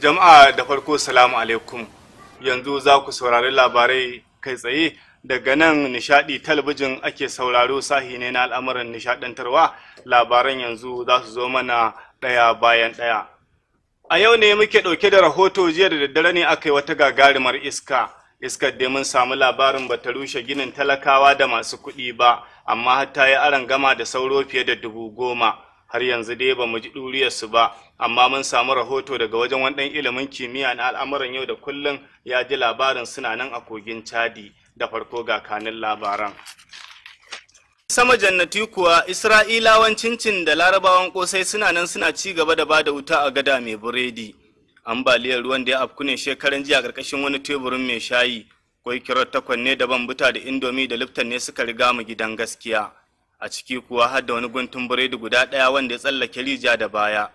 jama'a da farko salamu alaikum yanzu za ku saurari labarai kai tsaye daga nan nishadi talabijin ake sauraro sahi ne na al'amuran nishadantarwa labaran yanzu za su zo mana ɗaya bayan ɗaya a yau ne muke ɗauke da rahoto jiya da daddare ne aka yi wata gagarumar iska iskar dai mun samu labarin ba ta rushe ginin talakawa da masu kuɗi ba amma har ta yi aron gama da sauro fiye da dubu goma har yanzu dai ba mu ji duriyarsu ba amma mun samu rahoto daga wajen wani ɗan ilimin kimiyya na al'amuran yau da kullum ya ji labarin suna nan a kogin chadi da farko ga kanin labaran sama jannati kuwa isra'ilawan cincin da larabawan kosai suna nan suna ci gaba da bada wuta a gada mai buredi ambaliyar ruwan da ya afku ne shekaran jiya karkashin wani teburin mai shayi kwai kirar takwanne da bambuta da indomi da liftan ne suka riga mu gidan gaskiya a ciki kuwa har da wani guntun biredi guda ɗaya wanda ya tsallake rija da baya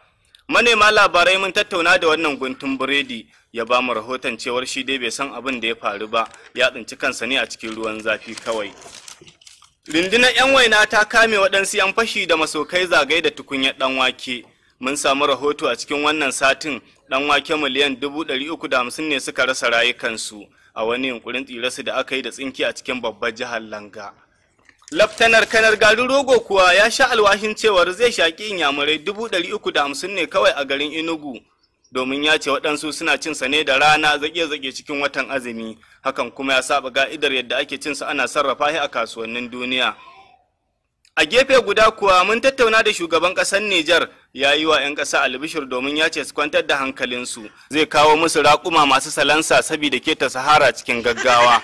manema labarai mun tattauna da wannan guntun biredi, ya ba mu rahoton cewar shi dai bai san abin da ya faru ba ya tsinci kansa ne a cikin ruwan zafi kawai rundunar 'yan waina ta kame waɗansu 'yan fashi da masokai zagaye da tukunya ɗan wake mun samu rahoto a cikin wannan satin ɗan wake miliyan dubu ɗari uku da hamsin ne suka rasa rayukansu a wani yunƙurin tsira su da aka yi da tsinki a cikin babbar jihar langa Laftanar Kanar Garin Rogo kuwa ya sha alwashin cewar zai shaƙi inyamurai dubu ɗari uku da hamsin ne kawai a garin Enugu. Domin ya ce waɗansu suna cin sa ne da rana zage-zage cikin watan azumi, hakan kuma ya saba ga'idar yadda ake cinsa ana sarrafa shi a kasuwannin duniya. A gefe guda kuwa mun tattauna da shugaban ƙasar Nijar ya yi wa 'yan ƙasa albishir domin ya ce su kwantar da hankalinsu zai kawo musu raƙuma masu salansa sabida keta sahara cikin gaggawa.